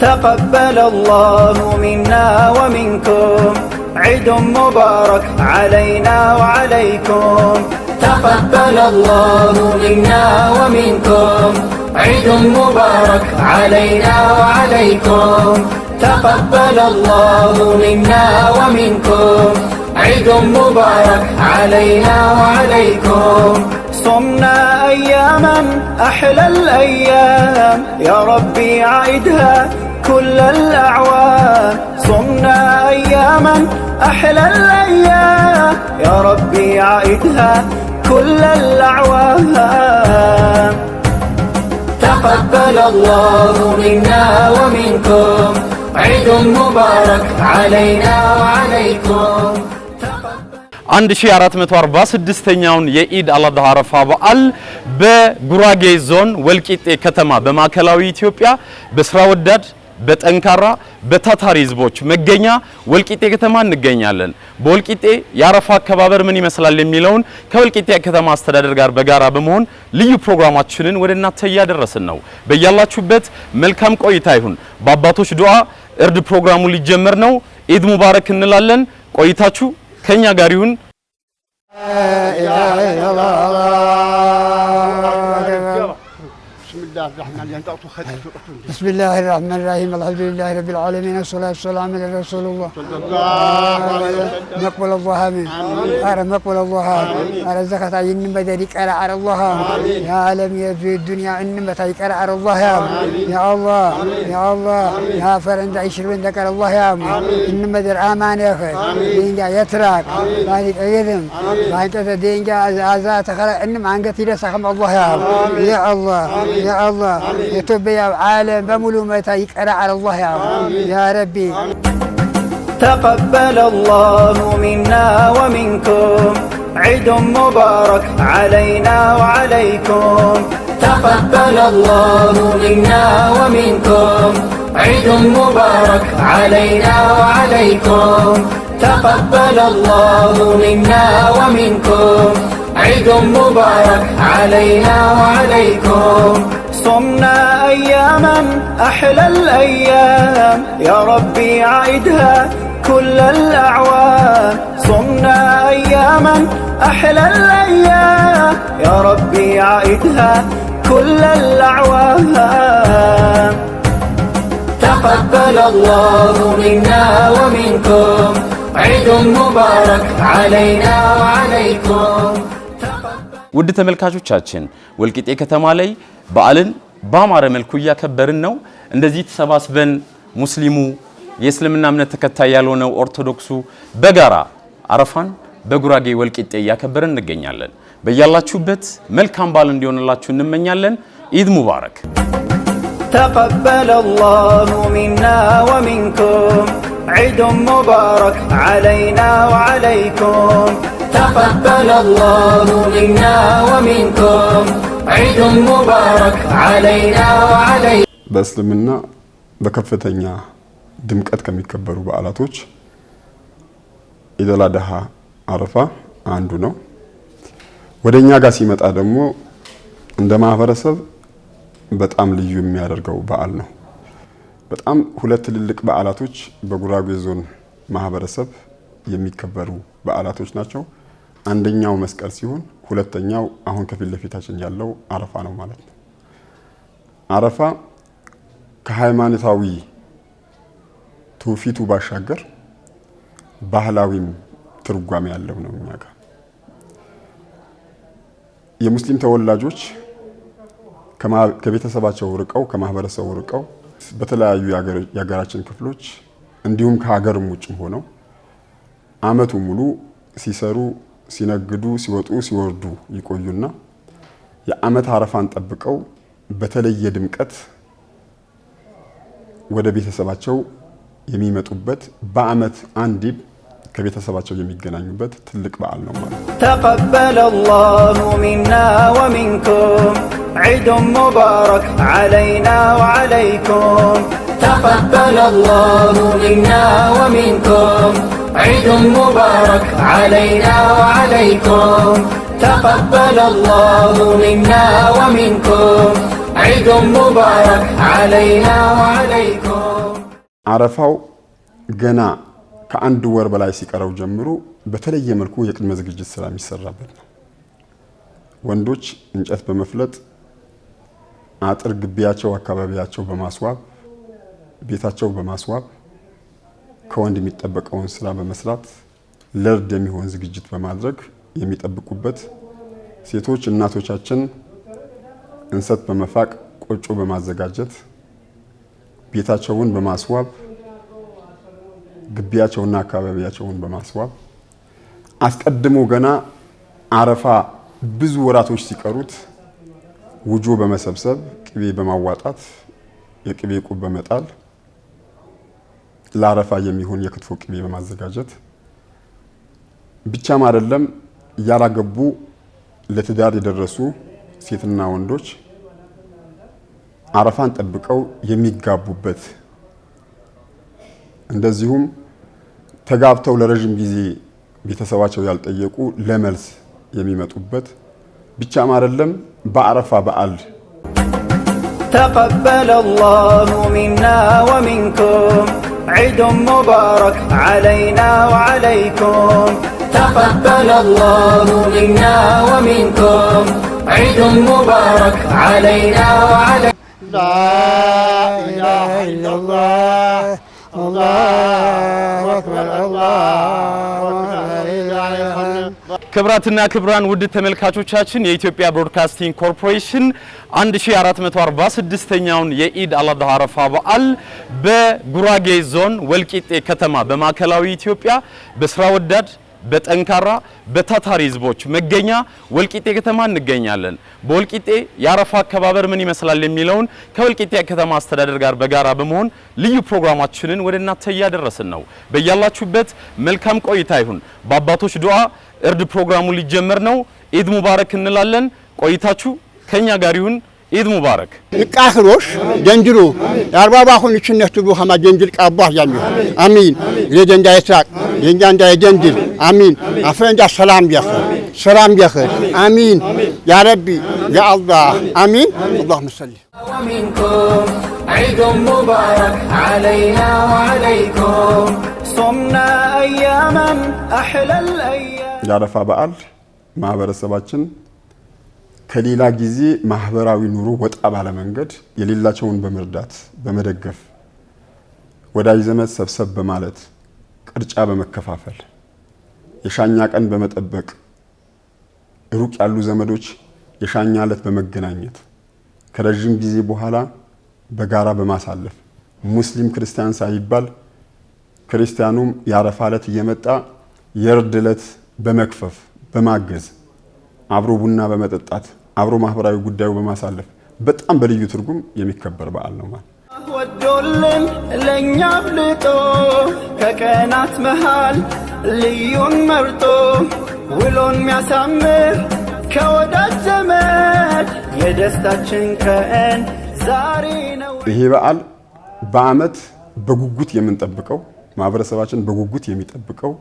تقبل الله منا ومنكم عيد مبارك علينا وعليكم تقبل الله منا ومنكم عيد مبارك علينا وعليكم تقبل الله منا ومنكم عيد مبارك علينا وعليكم صمنا أياما أحلى الأيام يا ربي عيدها كل الأعوام صمنا أياما أحلى الأيام يا ربي عائدها كل الأعوام تقبل الله منا ومنكم عيد مبارك علينا وعليكم 1446ኛውን የኢድ አልአድሃ አረፋ በዓል በጉራጌ ዞን ወልቂጤ ከተማ በማዕከላዊ ኢትዮጵያ በስራ ወዳድ በጠንካራ በታታሪ ህዝቦች መገኛ ወልቂጤ ከተማ እንገኛለን። በወልቂጤ የአረፋ አከባበር ምን ይመስላል የሚለውን ከወልቂጤ ከተማ አስተዳደር ጋር በጋራ በመሆን ልዩ ፕሮግራማችንን ወደ እናንተ እያደረስን ነው። በያላችሁበት መልካም ቆይታ ይሁን። በአባቶች ዱዓ እርድ ፕሮግራሙ ሊጀመር ነው። ኢድ ሙባረክ እንላለን። ቆይታችሁ ከኛ ጋር ይሁን። بسم الله الرحمن الرحيم الحمد لله رب العالمين والصلاة والسلام على رسول الله مقبل الله من أرى مقبل الله أرى زكاة عين بدرك أرى على الله يا عالم يا في الدنيا عين بدرك أرى على الله يا الله يا الله يا فرند عشر من ذكر الله يا إن مدر آمان يا أخي دينجا يترك بعدك أيدم بعدك دينجا أزات خلا إنم عنك تيرا سخم الله يا الله يا الله የኢትዮጵያ ዓለም በሙሉ መታ على الله يا رب يا ربي تقبل الله منا ومنكم عيد مبارك علينا وعليكم تقبل الله منا ومنكم عيد مبارك علينا وعليكم تقبل الله منا ومنكم عيد مبارك علينا وعليكم صمنا أياما أحلى الأيام يا ربي عيدها كل الأعوام صمنا أياما أحلى الأيام يا ربي عيدها كل الأعوام تقبل الله منا ومنكم عيد مبارك علينا وعليكم ውድ ተመልካቾቻችን ወልቂጤ ከተማ ላይ በዓልን በአማረ መልኩ እያከበርን ነው። እንደዚህ ተሰባስበን ሙስሊሙ፣ የእስልምና እምነት ተከታይ ያልሆነው ኦርቶዶክሱ በጋራ አረፋን በጉራጌ ወልቂጤ እያከበርን እንገኛለን። በያላችሁበት መልካም በዓል እንዲሆንላችሁ እንመኛለን። ኢድ ሙባረክ። ተቀበለ ላሁ ሚና ወሚንኩም ዒድ ሙባረክ ዓለይና ወዓለይኩም تقبل الله منا ومنكم عيد مبارك علينا وعلي በእስልምና በከፍተኛ ድምቀት ከሚከበሩ በዓላቶች ኢደል አረፋ አንዱ ነው። ወደ እኛ ጋር ሲመጣ ደግሞ እንደ ማህበረሰብ በጣም ልዩ የሚያደርገው በዓል ነው። በጣም ሁለት ትልልቅ በዓላቶች በጉራጌ ዞን ማህበረሰብ የሚከበሩ በዓላቶች ናቸው። አንደኛው መስቀል ሲሆን ሁለተኛው አሁን ከፊት ለፊታችን ያለው አረፋ ነው ማለት ነው። አረፋ ከሃይማኖታዊ ትውፊቱ ባሻገር ባህላዊም ትርጓሜ ያለው ነው። እኛ ጋር የሙስሊም ተወላጆች ከቤተሰባቸው ርቀው ከማህበረሰቡ ርቀው በተለያዩ የሀገራችን ክፍሎች እንዲሁም ከሀገርም ውጭ ሆነው አመቱ ሙሉ ሲሰሩ ሲነግዱ ሲወጡ ሲወርዱ ይቆዩና የዓመት አረፋን ጠብቀው በተለየ ድምቀት ወደ ቤተሰባቸው የሚመጡበት በዓመት አንዴ ከቤተሰባቸው የሚገናኙበት ትልቅ በዓል ነው ማለት ነው። ተቀበለ አላሁ ሚና ወሚንኩም ዒዱን ሙባረክ ዓለይና ወዓለይኩም ተቀበለ አላሁ ሚና ወሚንኩም عيد مبارك علينا وعليكم تقبل الله منا ومنكم عيد مبارك علينا وعليكم አረፋው ገና ከአንድ ወር በላይ ሲቀረው ጀምሮ በተለየ መልኩ የቅድመ ዝግጅት ስራ የሚሰራበት ነው። ወንዶች እንጨት በመፍለጥ አጥር ግቢያቸው፣ አካባቢያቸው በማስዋብ ቤታቸው በማስዋብ ከወንድ የሚጠበቀውን ስራ በመስራት ለእርድ የሚሆን ዝግጅት በማድረግ የሚጠብቁበት ሴቶች እናቶቻችን እንሰት በመፋቅ ቆጮ በማዘጋጀት ቤታቸውን በማስዋብ ግቢያቸውና አካባቢያቸውን በማስዋብ አስቀድሞ ገና አረፋ ብዙ ወራቶች ሲቀሩት ውጆ በመሰብሰብ ቅቤ በማዋጣት የቅቤ ቁብ በመጣል ለአረፋ የሚሆን የክትፎ ቅቤ በማዘጋጀት ብቻም አይደለም ያላገቡ ለትዳር የደረሱ ሴትና ወንዶች አረፋን ጠብቀው የሚጋቡበት እንደዚሁም ተጋብተው ለረዥም ጊዜ ቤተሰባቸው ያልጠየቁ ለመልስ የሚመጡበት ብቻም አይደለም በአረፋ በዓል ተቀበለ አላሁ ሚና ወሚንኩም عيد مبارك علينا وعليكم تقبل الله منا ومنكم عيد مبارك علينا وعليكم لا إله إلا الله الله أكبر الله ክብራትና ክብራን ውድ ተመልካቾቻችን የኢትዮጵያ ብሮድካስቲንግ ኮርፖሬሽን 1446ኛውን የኢድ አልአድሃ አረፋ በዓል በጉራጌ ዞን ወልቂጤ ከተማ በማዕከላዊ ኢትዮጵያ በስራ ወዳድ በጠንካራ በታታሪ ህዝቦች መገኛ ወልቂጤ ከተማ እንገኛለን። በወልቂጤ የአረፋ አከባበር ምን ይመስላል የሚለውን ከወልቂጤ ከተማ አስተዳደር ጋር በጋራ በመሆን ልዩ ፕሮግራማችንን ወደ እናንተ እያደረስን ነው። በያላችሁበት መልካም ቆይታ ይሁን። በአባቶች ዱዓ እርድ ፕሮግራሙ ሊጀመር ነው። ኢድ ሙባረክ እንላለን። ቆይታችሁ ከኛ ጋር ይሁን። ኢድ ሙባረክ ንቃህሮሽ ደንድሩ የአርባባሁን እችነት ሩሃማ ደንድል ቃቧህ ያሚሁ አሚን ሬደ እንዳይስራቅ የእኛ እንዳይደንድል አሚን አፈ እንዳ ሰላም ቢያኽር ሰላም ቢያኽር አሚን ያ ረቢ ያ አላህ አሚን አላሁመ ሰሊ عيد مبارك علينا وعليكم صمنا أياما أحلى الأيام የአረፋ በዓል ማህበረሰባችን ከሌላ ጊዜ ማህበራዊ ኑሮ ወጣ ባለመንገድ የሌላቸውን በመርዳት በመደገፍ ወዳጅ ዘመድ ሰብሰብ በማለት ቅርጫ በመከፋፈል የሻኛ ቀን በመጠበቅ ሩቅ ያሉ ዘመዶች የሻኛ ዕለት በመገናኘት ከረዥም ጊዜ በኋላ በጋራ በማሳለፍ ሙስሊም ክርስቲያን ሳይባል ክርስቲያኑም የአረፋ ዕለት እየመጣ የእርድ ዕለት በመክፈፍ በማገዝ አብሮ ቡና በመጠጣት አብሮ ማህበራዊ ጉዳዩ በማሳለፍ በጣም በልዩ ትርጉም የሚከበር በዓል ነው ማለት ወዶልን ለእኛ አብልጦ ከቀናት መሃል ልዩን መርጦ ውሎን የሚያሳምር ከወዳጅ ዘመድ የደስታችን ቀን ዛሬ ነው። ይሄ በዓል በዓመት በጉጉት የምንጠብቀው ማህበረሰባችን በጉጉት የሚጠብቀው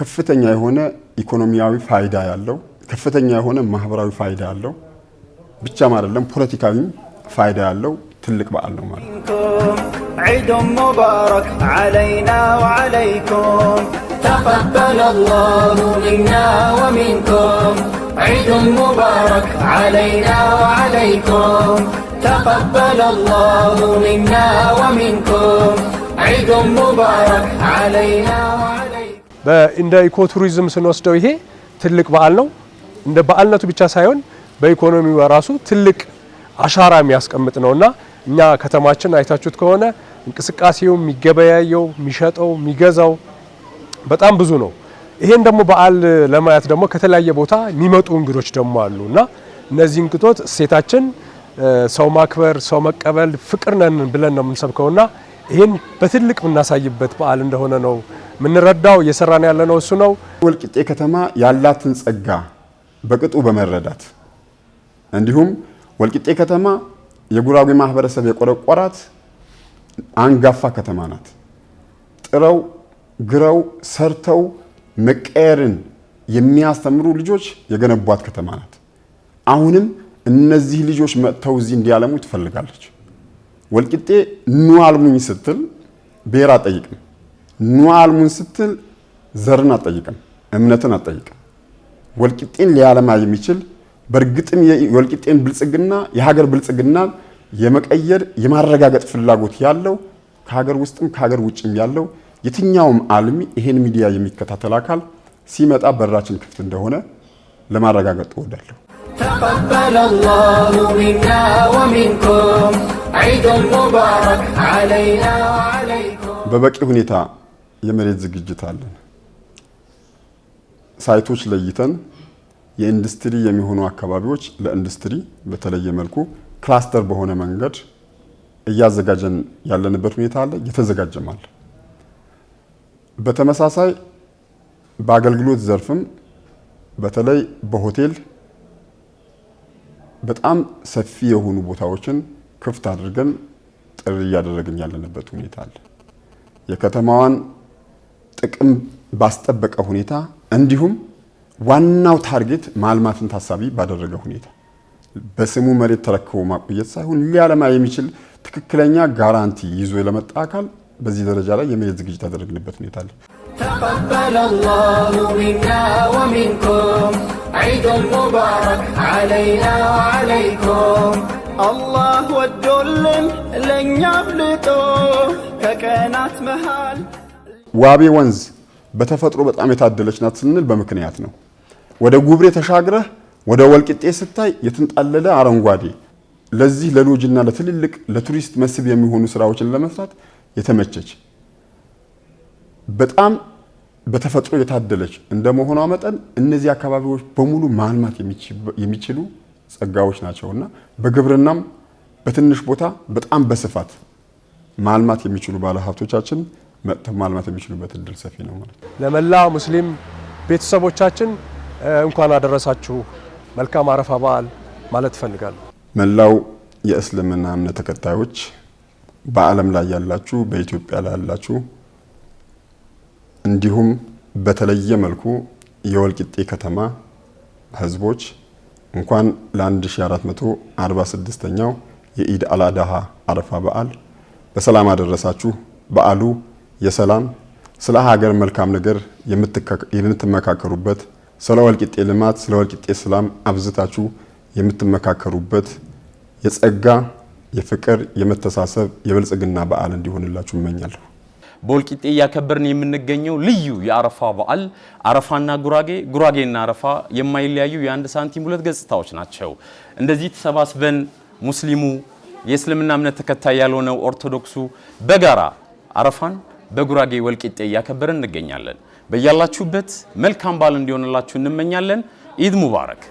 ከፍተኛ የሆነ ኢኮኖሚያዊ ፋይዳ ያለው ከፍተኛ የሆነ ማህበራዊ ፋይዳ አለው ብቻም አይደለም ፖለቲካዊም ፋይዳ ያለው ትልቅ በዓል ነው ማለት ነው። ዒድ ሙባረክ ዓለይና ወዓለይኩም ተቀበለ አላሁ ሚና ወሚንኩም ዒድ ሙባረክ ዓለይና ወዓለይኩም ተቀበለ አላሁ ሚና ወሚንኩም ዒድ ሙባረክ ዓለይና ወዓለይኩም በኢንደ ኢኮ ቱሪዝም ስንወስደው ይሄ ትልቅ በዓል ነው። እንደ በዓልነቱ ብቻ ሳይሆን በኢኮኖሚው ራሱ ትልቅ አሻራ የሚያስቀምጥ ነውና እኛ ከተማችን አይታችሁት ከሆነ እንቅስቃሴው የሚገበያየው፣ የሚሸጠው፣ የሚገዛው በጣም ብዙ ነው። ይሄን ደግሞ በዓል ለማየት ደግሞ ከተለያየ ቦታ የሚመጡ እንግዶች ደግሞ አሉ እና እነዚህ እንግዶች እሴታችን ሰው ማክበር፣ ሰው መቀበል፣ ፍቅር ነን ብለን ነው የምንሰብከውና ይህን በትልቅ የምናሳይበት በዓል እንደሆነ ነው የምንረዳው። እየሰራን ያለነው እሱ ነው። ወልቂጤ ከተማ ያላትን ጸጋ በቅጡ በመረዳት እንዲሁም ወልቂጤ ከተማ የጉራጌ ማህበረሰብ የቆረቆራት አንጋፋ ከተማ ናት። ጥረው ግረው ሰርተው መቀየርን የሚያስተምሩ ልጆች የገነቧት ከተማ ናት። አሁንም እነዚህ ልጆች መጥተው እዚህ እንዲያለሙ ትፈልጋለች። ወልቂጤ ኑ አልሙኝ ስትል ብሔር አጠይቅም። ኑ አልሙኝ ስትል ዘርን አጠይቅም፣ እምነትን አጠይቅም። ወልቂጤን ሊያለማ የሚችል በእርግጥም የወልቂጤን ብልጽግና የሀገር ብልጽግና የመቀየር የማረጋገጥ ፍላጎት ያለው ከሀገር ውስጥም ከሀገር ውጭም ያለው የትኛውም አልሚ ይሄን ሚዲያ የሚከታተል አካል ሲመጣ በራችን ክፍት እንደሆነ ለማረጋገጥ እወዳለሁ። ተቀበለ አላሁ ሚና ወሚንኩም ዒደን ሙባረክ ዐለይና ወዐለይኩም። በበቂ ሁኔታ የመሬት ዝግጅት አለን። ሳይቶች ለይተን የኢንዱስትሪ የሚሆኑ አካባቢዎች ለኢንዱስትሪ በተለየ መልኩ ክላስተር በሆነ መንገድ እያዘጋጀን ያለንበት ሁኔታ አለ፣ እየተዘጋጀም አለ። በተመሳሳይ በአገልግሎት ዘርፍም በተለይ በሆቴል በጣም ሰፊ የሆኑ ቦታዎችን ክፍት አድርገን ጥሪ እያደረግን ያለንበት ሁኔታ አለ። የከተማዋን ጥቅም ባስጠበቀ ሁኔታ እንዲሁም ዋናው ታርጌት ማልማትን ታሳቢ ባደረገ ሁኔታ በስሙ መሬት ተረክቦ ማቆየት ሳይሆን ሊያለማ የሚችል ትክክለኛ ጋራንቲ ይዞ ለመጣ አካል በዚህ ደረጃ ላይ የመሬት ዝግጅት ያደረግንበት ሁኔታ አለ። ተቀበለ አላሁ አላህ ወዶልን ለእኛ መሃል ዋቤ ወንዝ በተፈጥሮ በጣም የታደለች ናት ስንል በምክንያት ነው። ወደ ጉብሬ ተሻግረህ ወደ ወልቂጤ ስታይ የተንጣለለ አረንጓዴ ለዚህ ለሎጅና ለትልልቅ ለቱሪስት መስህብ የሚሆኑ ስራዎችን ለመስራት የተመቸች በጣም በተፈጥሮ የታደለች እንደመሆኗ መጠን እነዚህ አካባቢዎች በሙሉ ማልማት የሚችሉ ጸጋዎች ናቸውና በግብርናም በትንሽ ቦታ በጣም በስፋት ማልማት የሚችሉ ባለሀብቶቻችን መጥተው ማልማት የሚችሉበት እድል ሰፊ ነው ማለት ነው። ለመላ ሙስሊም ቤተሰቦቻችን እንኳን አደረሳችሁ መልካም አረፋ በዓል ማለት እፈልጋለሁ። መላው የእስልምና እምነት ተከታዮች በዓለም ላይ ያላችሁ፣ በኢትዮጵያ ላይ ያላችሁ እንዲሁም በተለየ መልኩ የወልቂጤ ከተማ ህዝቦች እንኳን ለ1446ኛው የኢድ አላዳሃ አረፋ በዓል በሰላም አደረሳችሁ። በዓሉ የሰላም ስለ ሀገር መልካም ነገር የምትመካከሩበት፣ ስለ ወልቂጤ ልማት፣ ስለ ወልቂጤ ሰላም አብዝታችሁ የምትመካከሩበት የጸጋ የፍቅር፣ የመተሳሰብ፣ የብልጽግና በዓል እንዲሆንላችሁ እመኛለሁ። በወልቂጤ እያከበርን የምንገኘው ልዩ የአረፋ በዓል አረፋና ጉራጌ ጉራጌና አረፋ የማይለያዩ የአንድ ሳንቲም ሁለት ገጽታዎች ናቸው። እንደዚህ ተሰባስበን ሙስሊሙ፣ የእስልምና እምነት ተከታይ ያልሆነው ኦርቶዶክሱ በጋራ አረፋን በጉራጌ ወልቂጤ እያከበርን እንገኛለን። በያላችሁበት መልካም በዓል እንዲሆንላችሁ እንመኛለን። ኢድ ሙባረክ።